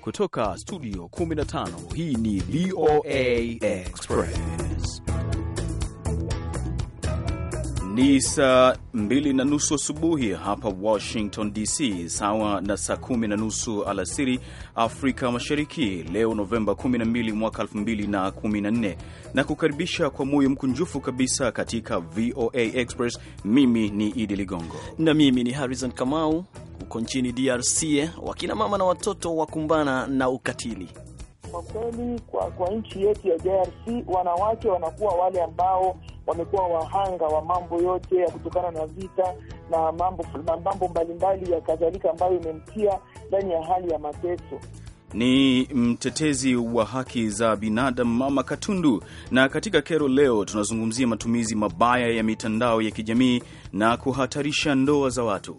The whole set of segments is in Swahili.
Kutoka studio 15 hii ni VOA Express. Ni saa 2 na nusu asubuhi hapa Washington DC, sawa na saa 1 na nusu alasiri Afrika Mashariki. Leo Novemba 12 mwaka 2014, na kukaribisha kwa moyo mkunjufu kabisa katika VOA Express. Mimi ni Idi Ligongo na mimi ni Harrison Kamau huko nchini DRC eh, wakina mama na watoto wakumbana na ukatili. Kwa kweli, kwa, kwa nchi yetu ya DRC wanawake wanakuwa wale ambao wamekuwa wahanga wa mambo yote ya kutokana na vita na mambo, mambo mbalimbali ya kadhalika ambayo imemtia ndani ya hali ya mateso. Ni mtetezi wa haki za binadamu Mama Katundu. Na katika kero leo tunazungumzia matumizi mabaya ya mitandao ya kijamii na kuhatarisha ndoa za watu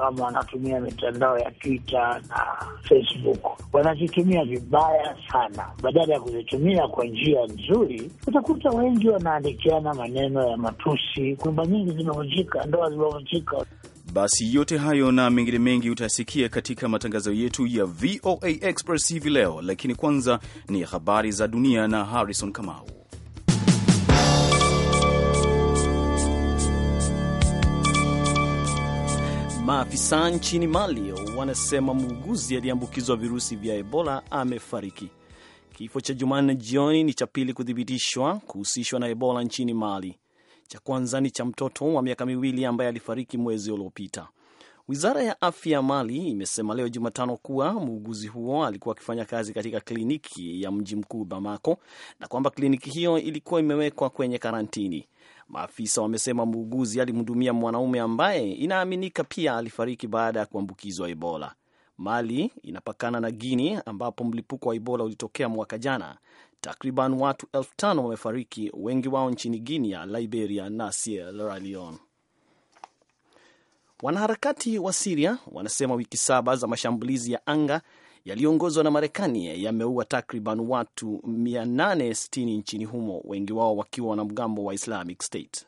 ama wanatumia mitandao ya Twitter na Facebook, wanazitumia vibaya sana. Badala ya kuzitumia kwa njia nzuri, utakuta wengi wanaandikiana maneno ya matusi, nyumba nyingi zimevunjika, ndoa zimevunjika. Basi yote hayo na mengine mengi utasikia katika matangazo yetu ya VOA Express hivi leo, lakini kwanza ni habari za dunia na Harrison Kamau. Maafisa nchini Mali wanasema muuguzi aliyeambukizwa virusi vya Ebola amefariki. Kifo cha Jumanne jioni ni cha pili kuthibitishwa kuhusishwa na Ebola nchini Mali. Cha kwanza ni cha mtoto wa miaka miwili ambaye alifariki mwezi uliopita. Wizara ya afya ya Mali imesema leo Jumatano kuwa muuguzi huo alikuwa akifanya kazi katika kliniki ya mji mkuu Bamako na kwamba kliniki hiyo ilikuwa imewekwa kwenye karantini. Maafisa wamesema muuguzi alimhudumia mwanaume ambaye inaaminika pia alifariki baada ya kuambukizwa Ebola. Mali inapakana na Guini ambapo mlipuko wa Ebola ulitokea mwaka jana. Takriban watu elfu tano wamefariki, wengi wao nchini Guinea, Liberia na Sierra Leone. Wanaharakati wa Siria wanasema wiki saba za mashambulizi ya anga yaliyoongozwa na Marekani yameua takriban watu 860 nchini humo, wengi wao wakiwa wanamgambo wa Islamic State.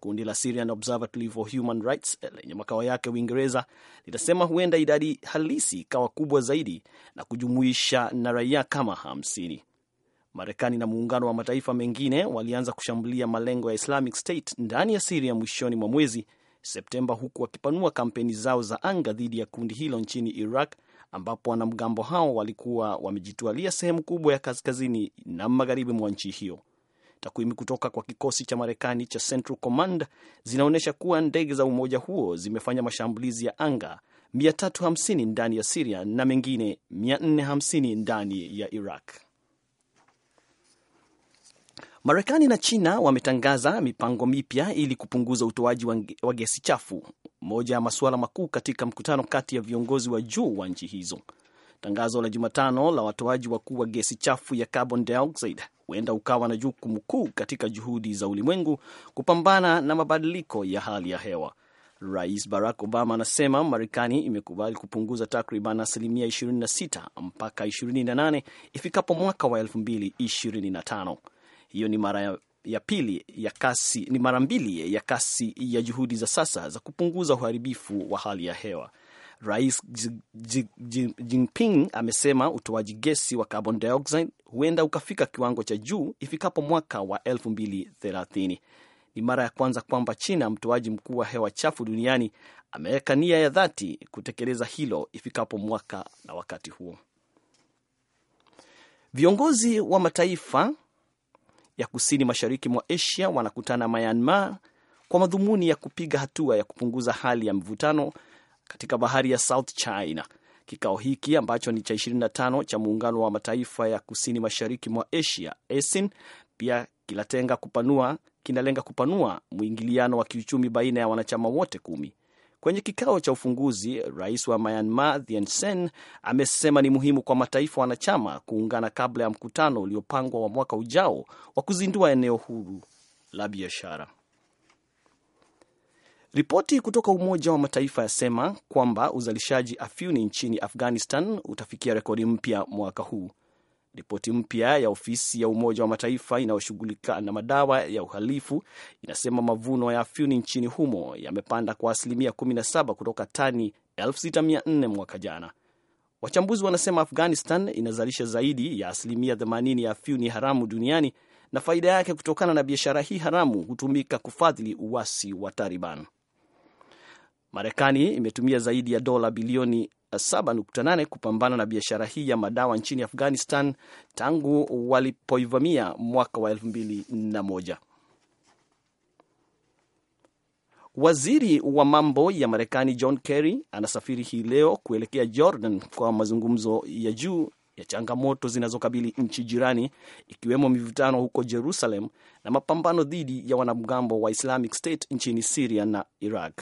Kundi la Syrian Observatory for Human Rights lenye makao yake Uingereza linasema huenda idadi halisi ikawa kubwa zaidi na kujumuisha na raia kama 50. Marekani na muungano wa mataifa mengine walianza kushambulia malengo ya Islamic State ndani ya Siria mwishoni mwa mwezi Septemba, huku wakipanua kampeni zao za anga dhidi ya kundi hilo nchini Iraq ambapo wanamgambo hao walikuwa wamejitwalia sehemu kubwa ya kaskazini na magharibi mwa nchi hiyo. Takwimu kutoka kwa kikosi cha Marekani cha Central Command zinaonyesha kuwa ndege za umoja huo zimefanya mashambulizi ya anga 350 ndani ya Siria na mengine 450 ndani ya Iraq. Marekani na China wametangaza mipango mipya ili kupunguza utoaji wa gesi chafu, moja ya masuala makuu katika mkutano kati ya viongozi wa juu wa nchi hizo. Tangazo la Jumatano la watoaji wakuu wa gesi chafu ya carbon dioxide huenda ukawa na jukumu kuu katika juhudi za ulimwengu kupambana na mabadiliko ya hali ya hewa. Rais Barack Obama anasema Marekani imekubali kupunguza takriban asilimia 26 mpaka 28 ifikapo mwaka wa 2025. Hiyo ni mara ya pili ya kasi, ni mara mbili ya kasi ya juhudi za sasa za kupunguza uharibifu wa hali ya hewa. Rais Jinping amesema utoaji gesi wa carbon dioxide huenda ukafika kiwango cha juu ifikapo mwaka wa 2030. Ni mara ya kwanza kwamba China, mtoaji mkuu wa hewa chafu duniani, ameweka nia ya dhati kutekeleza hilo ifikapo mwaka. Na wakati huo viongozi wa mataifa ya kusini mashariki mwa Asia wanakutana Myanmar kwa madhumuni ya kupiga hatua ya kupunguza hali ya mvutano katika bahari ya South China. Kikao hiki ambacho ni cha 25 cha muungano wa mataifa ya kusini mashariki mwa Asia ASEAN pia kilatenga kupanua, kinalenga kupanua mwingiliano wa kiuchumi baina ya wanachama wote kumi. Kwenye kikao cha ufunguzi, rais wa Myanmar Thein Sein amesema ni muhimu kwa mataifa wanachama kuungana kabla ya mkutano uliopangwa wa mwaka ujao wa kuzindua eneo huru la biashara. Ripoti kutoka Umoja wa Mataifa yasema kwamba uzalishaji afyuni nchini Afghanistan utafikia rekodi mpya mwaka huu. Ripoti mpya ya ofisi ya Umoja wa Mataifa inayoshughulika na madawa ya uhalifu inasema mavuno ya fyuni nchini humo yamepanda kwa asilimia 17 kutoka tani 6400 mwaka jana. Wachambuzi wanasema Afghanistan inazalisha zaidi ya asilimia 80 ya fyuni haramu duniani na faida yake kutokana na biashara hii haramu hutumika kufadhili uasi wa Taliban. Marekani imetumia zaidi ya dola bilioni 7.8 kupambana na biashara hii ya madawa nchini Afghanistan tangu walipoivamia mwaka wa 2001. Waziri wa mambo ya Marekani John Kerry anasafiri hii leo kuelekea Jordan kwa mazungumzo ya juu ya changamoto zinazokabili nchi jirani ikiwemo mivutano huko Jerusalem na mapambano dhidi ya wanamgambo wa Islamic State nchini siria na Iraq.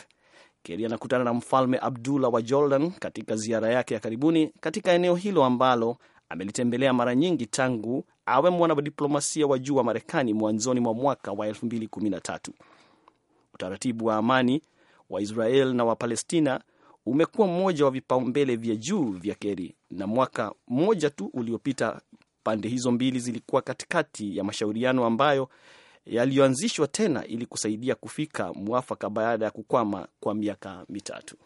Kerry anakutana na Mfalme Abdullah wa Jordan katika ziara yake ya karibuni katika eneo hilo ambalo amelitembelea mara nyingi tangu awe mwanadiplomasia wa juu wa Marekani mwanzoni mwa mwaka wa 2013. Utaratibu wa amani wa Israel na wa Palestina umekuwa mmoja wa vipaumbele vya juu vya Kerry, na mwaka mmoja tu uliopita pande hizo mbili zilikuwa katikati ya mashauriano ambayo yaliyoanzishwa tena ili kusaidia kufika mwafaka baada ya kukwama kwa miaka mitatu.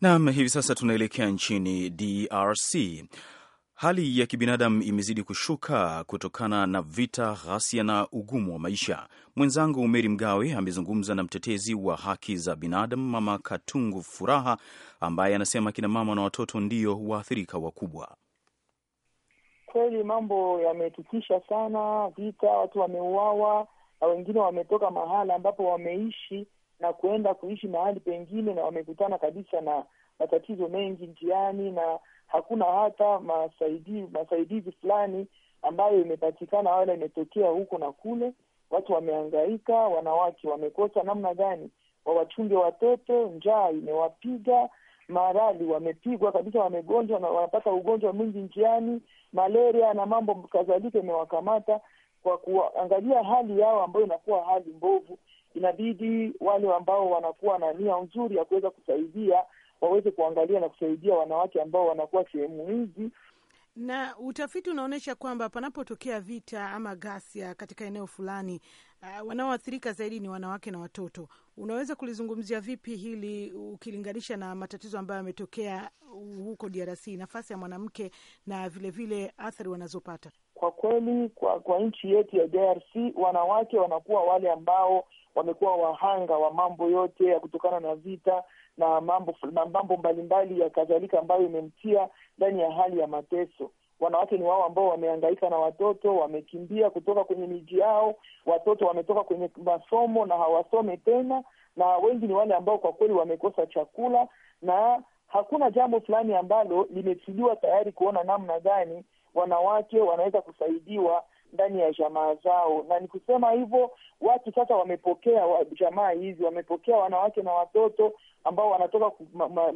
Nam, hivi sasa tunaelekea nchini DRC Hali ya kibinadamu imezidi kushuka kutokana na vita, ghasia na ugumu wa maisha. Mwenzangu Meri Mgawe amezungumza na mtetezi wa haki za binadamu Mama Katungu Furaha ambaye anasema kina mama na watoto ndio waathirika wakubwa. Kweli mambo yametikisha sana, vita, watu wameuawa na wengine wametoka mahala ambapo wameishi na kuenda kuishi mahali pengine, na wamekutana kabisa na matatizo mengi njiani na hakuna hata masaidizi masaidizi fulani ambayo imepatikana wala imetokea huko na kule. Watu wameangaika wanawake wamekosa namna gani wawachunge watoto, njaa imewapiga, maradhi wamepigwa kabisa, wamegonjwa na wanapata ugonjwa mwingi njiani, malaria na mambo kadhalika imewakamata. Kwa kuangalia hali yao ambayo inakuwa hali mbovu, inabidi wale ambao wanakuwa na nia nzuri ya kuweza kusaidia waweze kuangalia na kusaidia wanawake ambao wanakuwa sehemu hizi na utafiti unaonyesha kwamba panapotokea vita ama ghasia katika eneo fulani, uh, wanaoathirika zaidi ni wanawake na watoto. Unaweza kulizungumzia vipi hili ukilinganisha na matatizo ambayo yametokea huko DRC, nafasi ya mwanamke na vilevile vile athari wanazopata? Kwa kweli, kwa, kwa nchi yetu ya DRC wanawake wanakuwa wale ambao wamekuwa wahanga wa mambo yote ya kutokana na vita na mambo mambo mbalimbali ya kadhalika ambayo imemtia ndani ya hali ya mateso. Wanawake ni wao ambao wameangaika na watoto, wamekimbia kutoka kwenye miji yao, watoto wametoka kwenye masomo na hawasome tena, na wengi ni wale ambao kwa kweli wamekosa chakula, na hakuna jambo fulani ambalo limefidiwa tayari kuona namna gani wanawake wanaweza kusaidiwa ndani ya jamaa zao, na ni kusema hivyo, watu sasa wamepokea wa, jamaa hizi wamepokea wanawake na watoto ambao wanatoka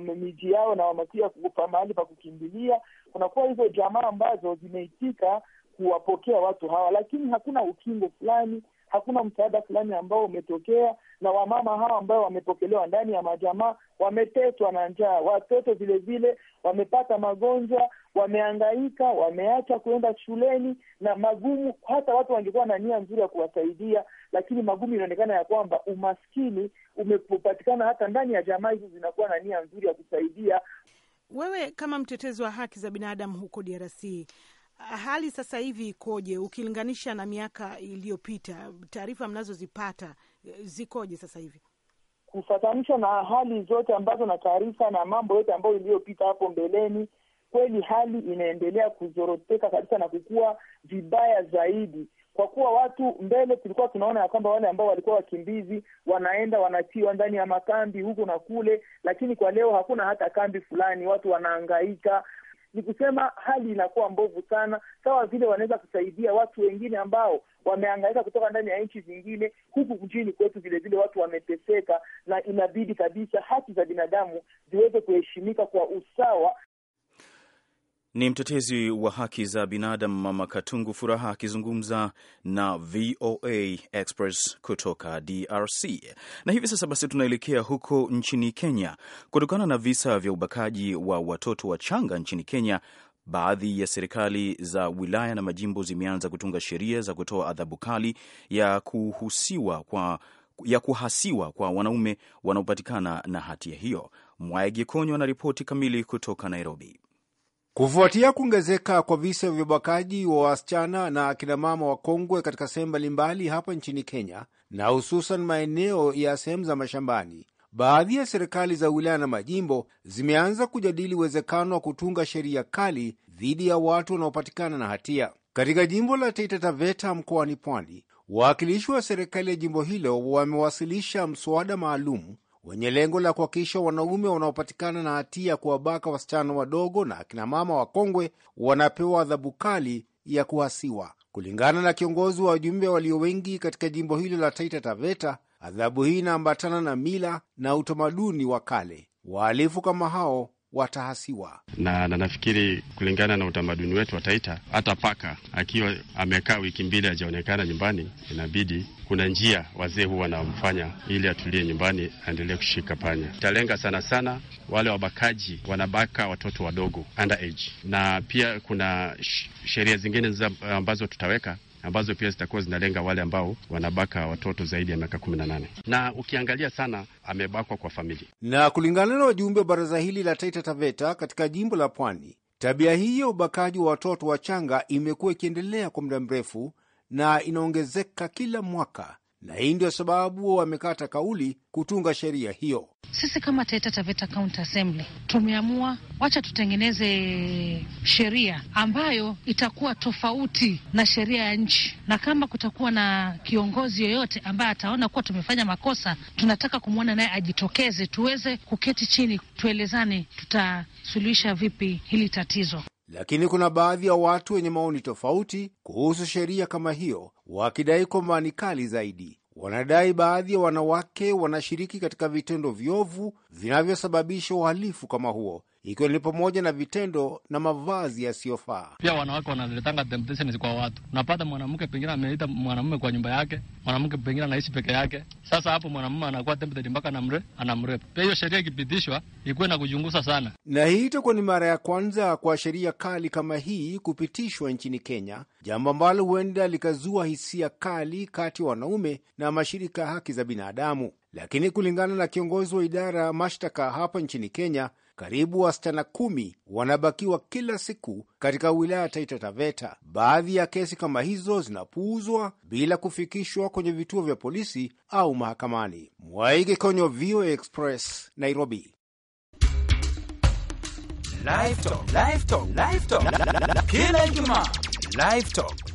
miji yao na wamekuja mahali pa kukimbilia. Kunakuwa hizo jamaa ambazo zimeitika kuwapokea watu hawa, lakini hakuna ukingo fulani hakuna msaada fulani ambao umetokea, na wamama hawa ambao wamepokelewa ndani ya majamaa wameteswa na njaa, watoto vilevile wamepata magonjwa, wameangaika, wameacha kuenda shuleni na magumu. Hata watu wangekuwa na nia nzuri ya kuwasaidia, lakini magumu, inaonekana ya kwamba umaskini umepatikana hata ndani ya jamaa hizi zinakuwa na nia nzuri ya kusaidia. Wewe kama mtetezi wa haki za binadamu huko DRC, hali sasa hivi ikoje ukilinganisha na miaka iliyopita? Taarifa mnazozipata eh, zikoje sasa hivi kufatanisha na hali zote ambazo na taarifa na mambo yote ambayo iliyopita hapo mbeleni? Kweli hali inaendelea kuzoroteka kabisa na kukua vibaya zaidi, kwa kuwa watu mbele tulikuwa tunaona ya kwamba wale ambao walikuwa wakimbizi wanaenda wanatiwa ndani ya makambi huku na kule, lakini kwa leo hakuna hata kambi fulani. Watu wanaangaika, ni kusema hali inakuwa mbovu sana, sawa vile wanaweza kusaidia watu wengine ambao wameangaika kutoka ndani ya nchi zingine huku nchini kwetu, vilevile watu wameteseka, na inabidi kabisa haki za binadamu ziweze kuheshimika kwa usawa ni mtetezi wa haki za binadamu Mama Katungu Furaha akizungumza na VOA Express kutoka DRC. Na hivi sasa basi, tunaelekea huko nchini Kenya kutokana na visa vya ubakaji wa watoto wachanga nchini Kenya. Baadhi ya serikali za wilaya na majimbo zimeanza kutunga sheria za kutoa adhabu kali ya kuhusiwa kwa ya kuhasiwa kwa wanaume wanaopatikana na hatia hiyo. Mwaegi na ripoti kamili kutoka Nairobi. Kufuatia kuongezeka kwa visa vya ubakaji wa wasichana na akinamama wakongwe katika sehemu mbalimbali hapa nchini Kenya na hususan maeneo ya sehemu za mashambani, baadhi ya serikali za wilaya na majimbo zimeanza kujadili uwezekano wa kutunga sheria kali dhidi ya watu wanaopatikana na hatia. Katika jimbo la Taita Taveta mkoani Pwani, wawakilishi wa serikali ya jimbo hilo wamewasilisha mswada maalum wenye lengo la kuhakikisha wanaume wanaopatikana na hatia ya kuwabaka wasichana wadogo na akinamama wakongwe wanapewa adhabu kali ya kuhasiwa. Kulingana na kiongozi wa wajumbe walio wengi katika jimbo hilo la Taita Taveta, adhabu hii inaambatana na mila na utamaduni wa kale. Wahalifu kama hao watahasiwa na, na nafikiri kulingana na utamaduni wetu wa Taita, hata paka akiwa amekaa wiki mbili hajaonekana nyumbani, inabidi kuna njia wazee huwa wanamfanya ili atulie nyumbani, aendelee kushika panya. Italenga sana sana wale wabakaji, wanabaka watoto wadogo underage, na pia kuna sheria zingine ambazo tutaweka ambazo pia zitakuwa zinalenga wale ambao wanabaka watoto zaidi ya miaka kumi na nane na ukiangalia sana amebakwa kwa familia. Na kulingana na wajumbe wa baraza hili la Taita Taveta katika jimbo la Pwani, tabia hii ya ubakaji wa watoto wachanga imekuwa ikiendelea kwa muda mrefu na inaongezeka kila mwaka na hii ndio sababu wamekata kauli kutunga sheria hiyo. Sisi kama Taita Taveta County Assembly tumeamua wacha tutengeneze sheria ambayo itakuwa tofauti na sheria ya nchi, na kama kutakuwa na kiongozi yoyote ambaye ataona kuwa tumefanya makosa, tunataka kumwona naye ajitokeze, tuweze kuketi chini, tuelezane tutasuluhisha vipi hili tatizo. Lakini kuna baadhi ya watu wenye maoni tofauti kuhusu sheria kama hiyo wakidai kwamba ni kali zaidi. Wanadai baadhi ya wanawake wanashiriki katika vitendo viovu vinavyosababisha uhalifu kama huo, ikiwa ni pamoja na vitendo na mavazi yasiyofaa. Pia wanawake wanaletanga temptations kwa watu. Unapata mwanamke pengine ameita mwanamume kwa nyumba yake, mwanamke pengine anaishi peke yake. Sasa hapo mwanamume anakuwa tempted mpaka anamre anamrepa. Pia hiyo sheria ikipitishwa ikuwe na kuchungusa sana, na hii itakuwa ni mara ya kwanza kwa sheria kali kama hii kupitishwa nchini Kenya, jambo ambalo huenda likazua hisia kali kati ya wanaume na mashirika ya haki za binadamu. Lakini kulingana na kiongozi wa idara ya mashtaka hapa nchini Kenya karibu wasichana kumi wanabakiwa kila siku katika wilaya ya Taita Taveta. Baadhi ya kesi kama hizo zinapuuzwa bila kufikishwa kwenye vituo vya polisi au mahakamani. Mwaige Konyo, VOA Express, Nairobi. Kila Ijumaa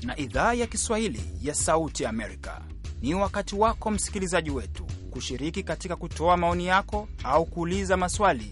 na idhaa ya Kiswahili ya Sauti ya Amerika. Ni wakati wako msikilizaji wetu kushiriki katika kutoa maoni yako au kuuliza maswali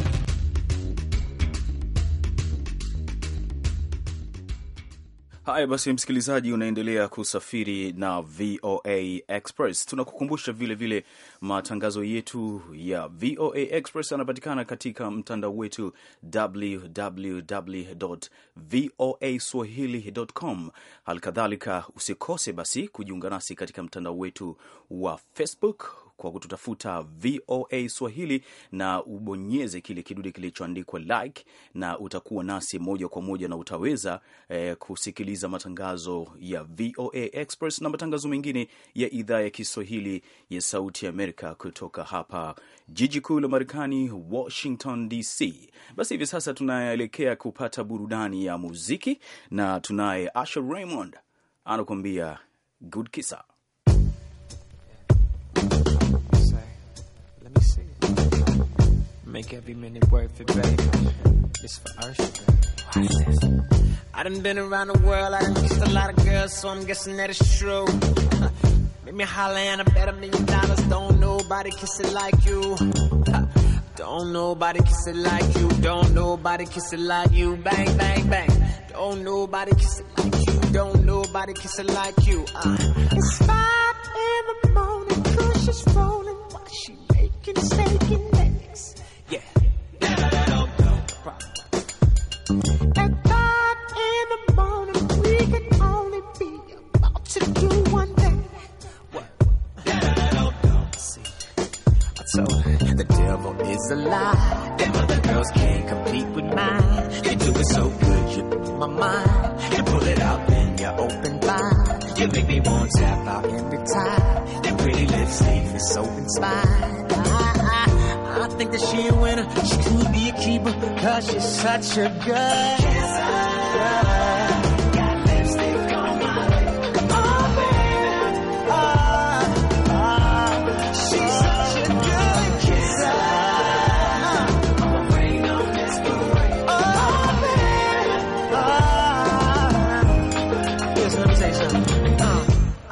Haya basi, msikilizaji, unaendelea kusafiri na VOA Express. Tunakukumbusha vilevile matangazo yetu ya VOA Express yanapatikana katika mtandao wetu www voa swahili.com. Halikadhalika usikose basi kujiunga nasi katika mtandao wetu wa Facebook kwa kututafuta VOA Swahili na ubonyeze kile kidude kilichoandikwa like, na utakuwa nasi moja kwa moja na utaweza eh, kusikiliza matangazo ya VOA Express na matangazo mengine ya idhaa ya Kiswahili ya Sauti ya Amerika kutoka hapa jiji kuu la Marekani, Washington DC. Basi hivi sasa tunaelekea kupata burudani ya muziki na tunaye Asher Raymond anakuambia good kisa. Make every minute worth it, baby. It's for us, I done been around the world, I done kissed a lot of girls, so I'm guessing that it's true. Make me holler and I bet a million dollars. Don't nobody kiss it like you. Don't nobody kiss it like you. Don't nobody kiss it like you. Bang, bang, bang. Don't nobody kiss it like you. Don't nobody kiss it like you. Uh. It's 5 in the morning, cause she's rolling while she making, shaking. such a good girl.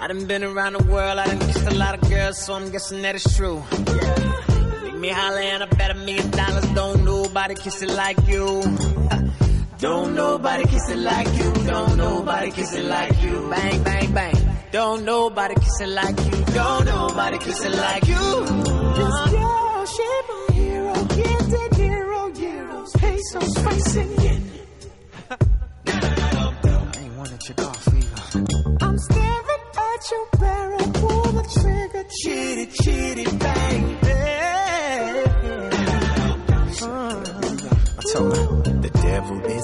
I done been around the world, I done kissed a lot of girls, so I'm guessing that it's true. Yeah. Make me holler and I bet a million dollars don't do nobody kiss it like you. Don't nobody kiss it like you. Don't nobody kiss it like you. Bang, bang, bang. Don't nobody kiss it like you. Don't nobody kiss it like you. This girl, she my hero. Gifted hero, heroes. Pesos, spice, and yen. I ain't wanna check off either. I'm staring at your barrel. Pull the trigger. Chitty, chitty.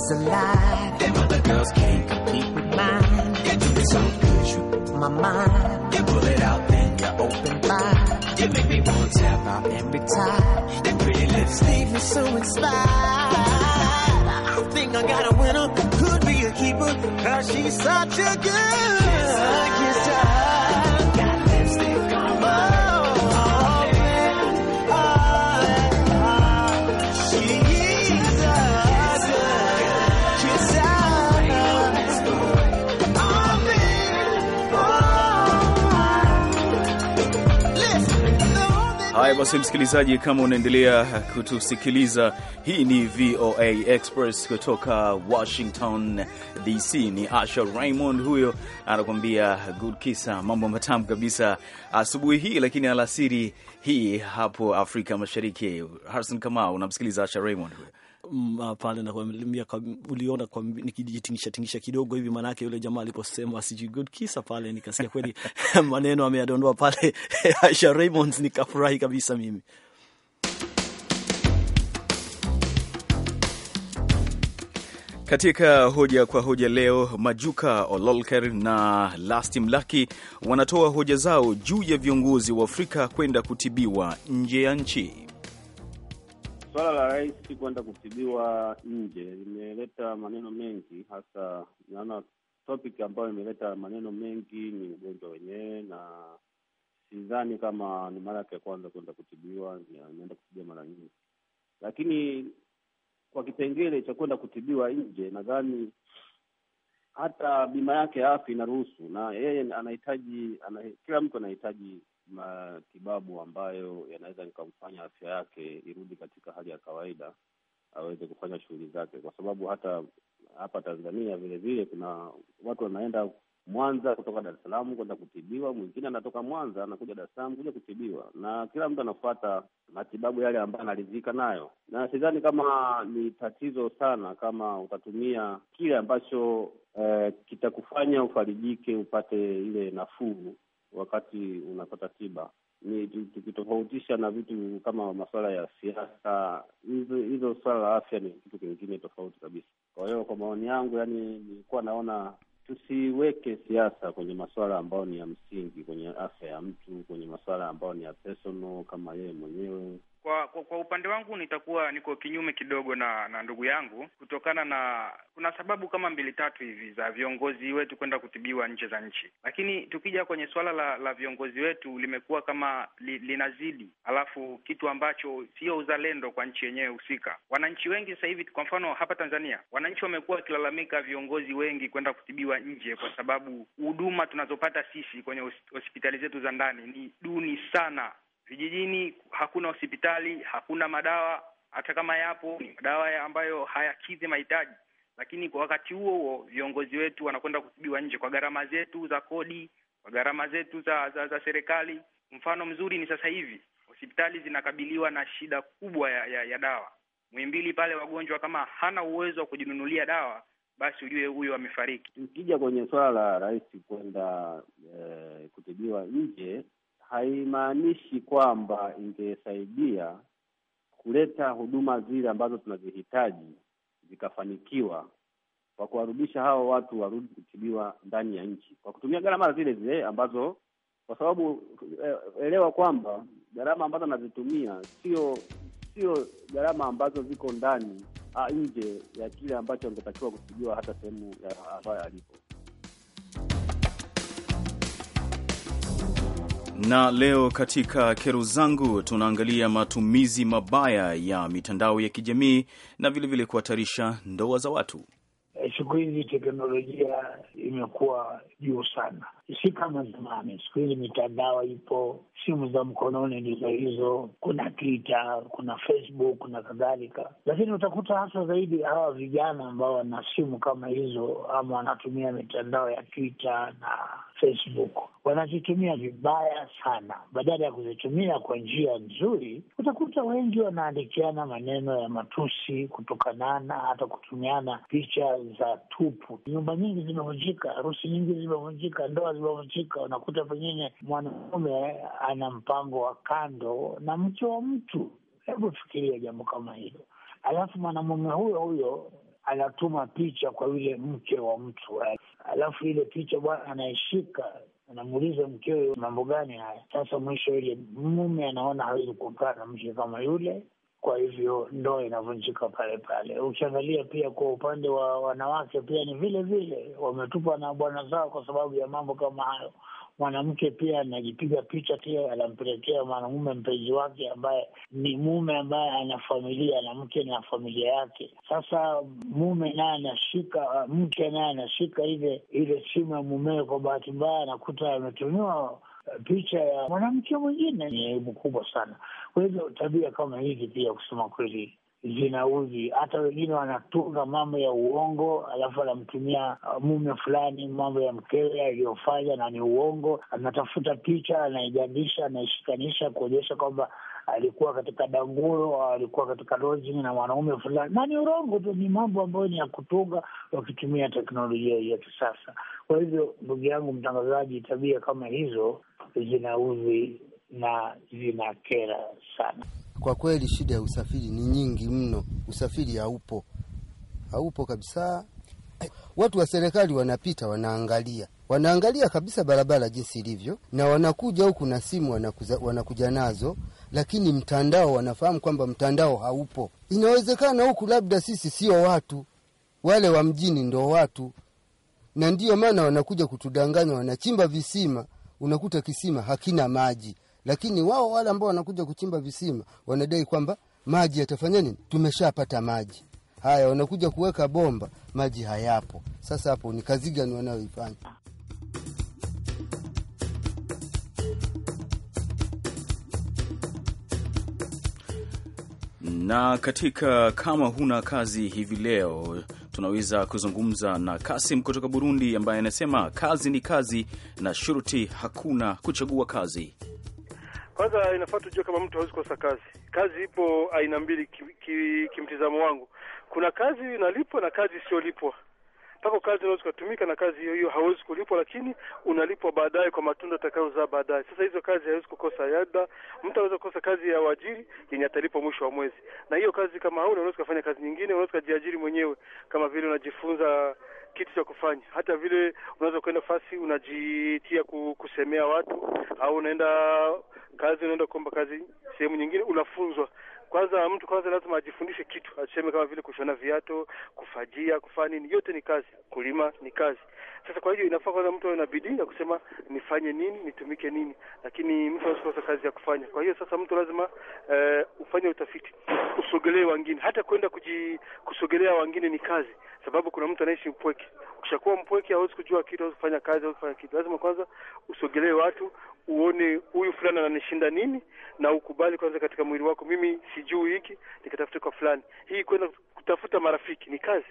is alive. Them other girls can't compete with mine. It's so good, you put my mind. You pull it out, then you open wide. You make me want to tap out every time. Them pretty lips leave me so inspired. I think I got a winner, could be a keeper, cause she's such a good kiss. I kiss her. Basi msikilizaji, kama unaendelea kutusikiliza, hii ni VOA Express kutoka Washington DC. Ni Asha Raymond huyo anakuambia good kisa, mambo matamu kabisa asubuhi hii, lakini alasiri hii hapo Afrika Mashariki. Harrison Kamau unamsikiliza Asha Raymond huyo. Mm, ah, pale na uliona kwa nikijitingisha tingisha kidogo hivi, manake yule jamaa aliposema sijui good kisa pale, nikasikia kweli maneno ameyadondoa pale Aisha Raymonds, nikafurahi kabisa mimi. Katika hoja kwa hoja leo, Majuka Ololker na Lasti Mlaki wanatoa hoja zao juu ya viongozi wa Afrika kwenda kutibiwa nje ya nchi. Suala la rais kwenda kutibiwa nje limeleta maneno mengi, hasa naona topic ambayo imeleta maneno mengi ni ugonjwa wenyewe, na sidhani kama ni mara yake ya kwanza kwenda kutibiwa. Ameenda kutibiwa mara nyingi, lakini kwa kipengele cha kwenda kutibiwa nje, nadhani hata bima yake ya afya inaruhusu, na yeye anahitaji, anahitaji, kila mtu anahitaji matibabu ambayo yanaweza nikamfanya afya yake irudi katika hali ya kawaida, aweze kufanya shughuli zake, kwa sababu hata hapa Tanzania vile vile kuna watu wanaenda Mwanza kutoka Dar es Salaam kwenda kutibiwa, mwingine anatoka Mwanza anakuja Dar es Salaam kuja kutibiwa, na kila mtu anafuata matibabu yale ambayo anaridhika nayo, na sidhani kama ni tatizo sana kama utatumia kile ambacho eh, kitakufanya ufarijike, upate ile nafuu wakati unapata tiba. Ni tukitofautisha na vitu kama masuala ya siasa, hizo swala la afya ni kitu kingine tofauti kabisa. Kwa hiyo kwa maoni yangu, yani nilikuwa naona tusiweke siasa kwenye masuala ambayo ni ya msingi, kwenye afya ya mtu, kwenye masuala ambayo ni ya personal kama yeye mwenyewe kwa, kwa, kwa upande wangu nitakuwa niko kinyume kidogo na na ndugu yangu kutokana na kuna sababu kama mbili tatu hivi za viongozi wetu kwenda kutibiwa nje za nchi, lakini tukija kwenye suala la, la viongozi wetu limekuwa kama li, linazidi, alafu kitu ambacho sio uzalendo kwa nchi yenyewe husika. Wananchi wengi sasa hivi, kwa mfano hapa Tanzania, wananchi wamekuwa wakilalamika viongozi wengi kwenda kutibiwa nje kwa sababu huduma tunazopata sisi kwenye hospitali zetu za ndani ni duni sana Vijijini hakuna hospitali, hakuna madawa, hata kama yapo ni madawa ya ambayo hayakidhi mahitaji, lakini kwa wakati huo huo viongozi wetu wanakwenda kutibiwa nje kwa gharama zetu za kodi, kwa gharama zetu za za, za serikali. Mfano mzuri ni sasa hivi hospitali zinakabiliwa na shida kubwa ya, ya, ya dawa. Muhimbili pale wagonjwa kama hana uwezo wa kujinunulia dawa basi ujue huyo amefariki. Tukija kwenye swala la rais kwenda e, kutibiwa nje, haimaanishi kwamba ingesaidia kuleta huduma zile ambazo tunazihitaji zikafanikiwa kwa kuwarudisha hao watu warudi kutibiwa ndani ya nchi kwa kutumia gharama zile zile ambazo, kwa sababu eh, elewa kwamba gharama ambazo anazitumia sio sio gharama ambazo ziko ndani ah, nje ya kile ambacho angetakiwa kutibiwa hata sehemu ambayo alipo. na leo katika kero zangu tunaangalia matumizi mabaya ya mitandao ya kijamii na vilevile kuhatarisha ndoa za watu. Eh, siku hizi teknolojia imekuwa juu sana, si kama zamani. Siku hizi mitandao ipo, simu za mkononi ndizo hizo, kuna Twitter, kuna Facebook na kadhalika. Lakini utakuta hasa zaidi hawa vijana ambao wana simu kama hizo, ama wanatumia mitandao ya Twitter na Facebook wanazitumia vibaya sana. Badala ya kuzitumia kwa njia nzuri, utakuta wengi wanaandikiana maneno ya matusi, kutukanana, hata kutumiana picha za tupu. Nyumba nyingi zimevunjika, harusi nyingi zimevunjika, ndoa zimevunjika. Unakuta pengine mwanaume ana mpango wa kando na mke wa mtu. Hebu fikiria jambo kama hilo, alafu mwanamume huyo huyo anatuma picha kwa yule mke wa mtu, alafu ile picha bwana anaishika anamuuliza mkewe mambo gani haya. Sasa mwisho ile mume anaona hawezi kukaa na mke kama yule, kwa hivyo ndoa inavunjika pale pale. Ukiangalia pia kwa upande wa wanawake pia ni vile vile, wametupwa na bwana zao kwa sababu ya mambo kama hayo mwanamke pia anajipiga picha pia, anampelekea mwanamume mpenzi wake, ambaye ni mume ambaye ana familia na mke na familia yake. Sasa mume naye anashika, mke naye anashika ile ile simu ya mumewe, kwa bahati mbaya anakuta ametumiwa eh, picha ya mwanamke mwingine. Ni aibu kubwa sana. Kwa hivyo tabia kama hizi pia, kusema kweli, zinauzi. Hata wengine wanatunga mambo ya uongo, alafu anamtumia uh, mume fulani mambo ya mkewe aliyofanya na ni uongo, anatafuta picha, anaigandisha, anaishikanisha kuonyesha kwamba alikuwa katika danguro au alikuwa katika lodging na mwanaume fulani, na ni urongo tu. Ni mambo ambayo ni ya kutunga wakitumia teknolojia hii ya kisasa. Kwa hivyo, ndugu yangu mtangazaji, tabia kama hizo zinauzi na zinakera sana. Kwa kweli shida ya usafiri ni nyingi mno, usafiri haupo, haupo kabisa. Watu wa serikali wanapita, wanaangalia, wanaangalia kabisa barabara jinsi ilivyo, na wanakuja huku na simu wanakuja, wanakuja nazo, lakini mtandao, wanafahamu kwamba mtandao haupo. Inawezekana huku labda sisi sio watu, wale wa mjini ndo watu, na ndiyo maana wanakuja kutudanganya, wanachimba visima, unakuta kisima hakina maji lakini wao wale ambao wanakuja kuchimba visima wanadai kwamba maji yatafanya nini? Tumeshapata maji haya, wanakuja kuweka bomba, maji hayapo. Sasa hapo ni kazi gani wanayoifanya? Na katika kama huna kazi hivi leo tunaweza kuzungumza na Kasim kutoka Burundi, ambaye anasema kazi ni kazi na shuruti hakuna kuchagua kazi. Kwanza inafaa tujue kama mtu hawezi kukosa kazi. Kazi ipo aina mbili kimtizamo ki, ki wangu. Kuna kazi inalipwa na kazi isiyolipwa. Pako kazi unaweza ukatumika na kazi hiyo hiyo hawezi kulipwa, lakini unalipwa baadaye kwa matunda atakayozaa baadaye. Sasa hizo kazi hawezi kukosa yada. Mtu anaweza kukosa kazi ya uajiri yenye atalipwa mwisho wa mwezi, na hiyo kazi kama hauna, unaweza ukafanya kazi nyingine, unaweza ukajiajiri mwenyewe, kama vile unajifunza kitu cha kufanya. Hata vile unaweza kuenda fasi unajitia kusemea watu, au unaenda kazi, unaenda kuomba kazi sehemu nyingine, unafunzwa kwanza. Mtu kwanza lazima ajifundishe kitu, aseme kama vile kushona viato, kufajia kufanya nini, yote ni kazi, kulima ni kazi. Sasa kwa hiyo inafaa kwanza mtu awe na bidii ya kusema nifanye nini, nitumike nini, lakini mtu hawezi kosa kazi ya kufanya. Kwa hiyo sasa mtu lazima uh, ufanye utafiti, usogelee wengine, hata kwenda kusogelea wengine ni kazi sababu kuna mtu anaishi mpweke. Ukishakuwa mpweke, hawezi kujua kitu, hawezi kufanya kazi, hawezi kufanya kitu. Lazima kwanza usogelee watu, uone huyu fulani ananishinda nini, na ukubali kwanza katika mwili wako, mimi sijui hiki, nikatafute kwa fulani. Hii kwenda kutafuta marafiki ni kazi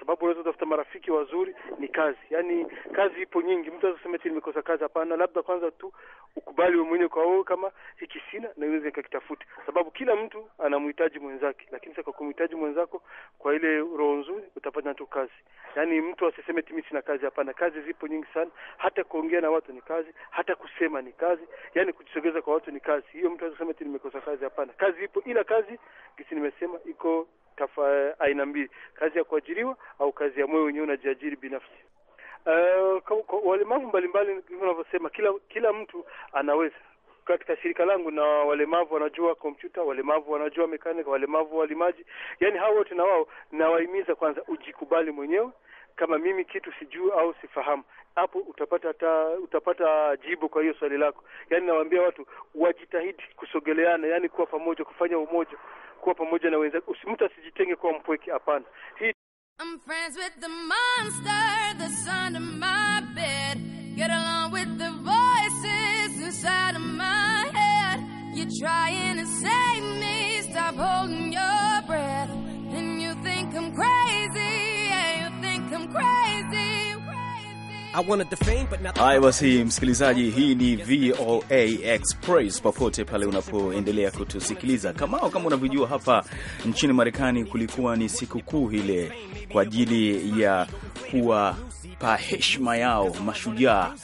sababu unaweza kutafuta marafiki wazuri, ni kazi. Yani kazi ipo nyingi, mtu anaweza kusema eti nimekosa kazi. Hapana, labda kwanza tu ukubali wewe mwenyewe kwa wewe kama hiki sina na iweze nikakitafuta, sababu kila mtu anamhitaji mwenzake. Lakini sasa kwa kumhitaji mwenzako kwa ile roho nzuri, utapata tu kazi. Yani mtu asiseme eti mimi sina kazi, hapana. Kazi zipo nyingi sana, hata kuongea na watu ni kazi, hata kusema ni kazi, yani kujisogeza kwa watu ni kazi. Hiyo mtu anaweza kusema eti nimekosa kazi, hapana. Kazi ipo, ila kazi kisi nimesema iko tafa, aina mbili, kazi ya kuajiriwa au kazi ya mwewe wenyewe unajiajiri binafsi. Uh, walemavu mbalimbali unavyosema, kila kila mtu anaweza katika shirika langu na walemavu wanajua kompyuta, walemavu wanajua mekanika, walemavu walimaji, yani hao wote na wao nawahimiza kwanza ujikubali mwenyewe. Kama mimi kitu sijui au sifahamu, hapo utapata ta, utapata jibu kwa hiyo swali lako. Yani nawaambia watu wajitahidi kusogeleana, yani kuwa pamoja, kufanya umoja, kuwa pamoja na wenzake, mtu asijitenge kuwa mpweke. Hapana, I'm friends with the monster that's under my bed. Get along with the voices inside of my head. You're trying to save me, stop holding your breath. And you think I'm crazy, yeah, you think I'm crazy. Haya basi, msikilizaji, hii ni VOA Express popote pale unapoendelea kutusikiliza. Kamao, kama unavyojua, hapa nchini Marekani kulikuwa ni sikukuu ile kwa ajili ya kuwapa heshima yao mashujaa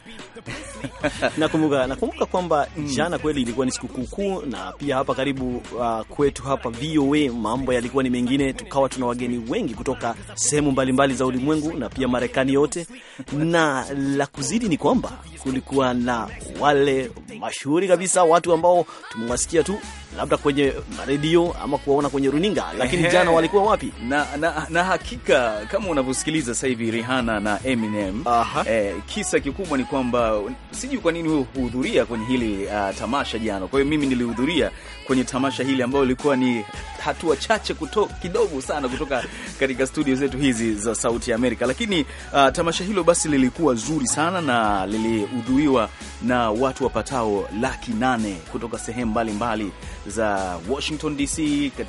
Nakumbuka nakumbuka kwamba hmm. jana kweli ilikuwa ni sikukuu na pia hapa karibu uh, kwetu hapa VOA mambo yalikuwa ni mengine, tukawa tuna wageni wengi kutoka sehemu mbalimbali za ulimwengu na pia Marekani yote, na la kuzidi ni kwamba kulikuwa na wale mashuhuri kabisa, watu ambao tumewasikia tu labda kwenye redio ama kuwaona kwenye runinga, lakini jana walikuwa wapi? Na, na, na hakika kama unavyosikiliza sasa hivi Rihanna na Eminem eh, kisa kikubwa ni kwamba sijui kwa nini wewe huhudhuria kwenye hili uh, tamasha jana. Kwa hiyo mimi nilihudhuria kwenye tamasha hili ambayo ilikuwa ni hatua chache kuto, kidogo sana kutoka katika studio zetu hizi za Sauti ya Amerika, lakini uh, tamasha hilo basi lilikuwa zuri sana na lilihudhuriwa na watu wapatao laki nane kutoka sehemu mbalimbali za Washington DC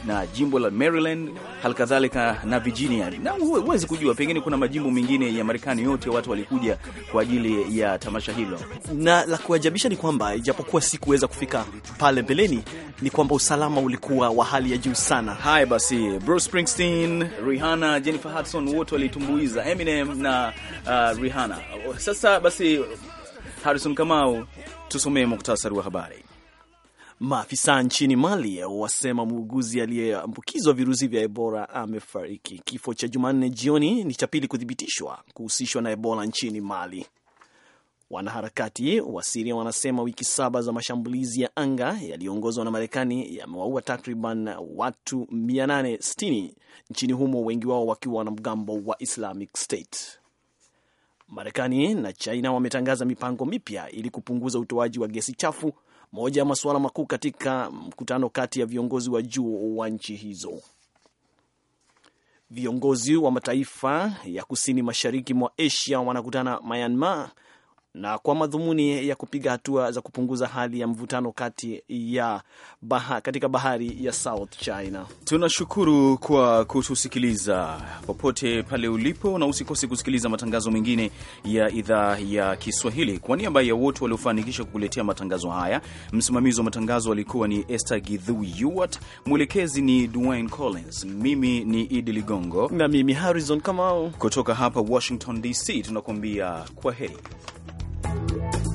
na jimbo la Maryland, halikadhalika na Virginia, na huwezi kujua, pengine kuna majimbo mengine ya Marekani yote watu walikuja kwa ajili ya tamasha hilo, na la kuajabisha ni kwamba ijapokuwa sikuweza kufika pale mbeleni ni kwamba usalama ulikuwa wa hali ya juu sana. Haya basi, Bruce Springsteen, Rihanna, Jennifer Hudson wote walitumbuiza Eminem na uh, Rihanna. Sasa basi, Harrison Kamau, tusomee muktasari wa habari. Maafisa nchini Mali wasema muuguzi aliyeambukizwa virusi vya Ebola amefariki. Kifo cha Jumanne jioni ni cha pili kuthibitishwa kuhusishwa na Ebola nchini Mali. Wanaharakati wa Siria wanasema wiki saba za mashambulizi ya anga yaliyoongozwa na Marekani yamewaua takriban watu 860 nchini humo, wengi wao wakiwa wanamgambo wa Islamic State. Marekani na China wametangaza mipango mipya ili kupunguza utoaji wa gesi chafu, moja ya masuala makuu katika mkutano kati ya viongozi wa juu wa nchi hizo. Viongozi wa mataifa ya kusini mashariki mwa Asia wanakutana Myanmar na kwa madhumuni ya kupiga hatua za kupunguza hali ya mvutano kati ya baha, katika bahari ya South China. Tunashukuru kwa kutusikiliza popote pale ulipo, na usikose kusikiliza matangazo mengine ya idhaa ya Kiswahili. Kwa niaba ya wote waliofanikisha kukuletea matangazo haya, msimamizi wa matangazo alikuwa ni Esther Githu mwelekezi ni Dwayne Collins, mimi ni Idi Ligongo na mimi Harrison Kamau kutoka hapa Washington DC, tunakuambia kwa heri. あ!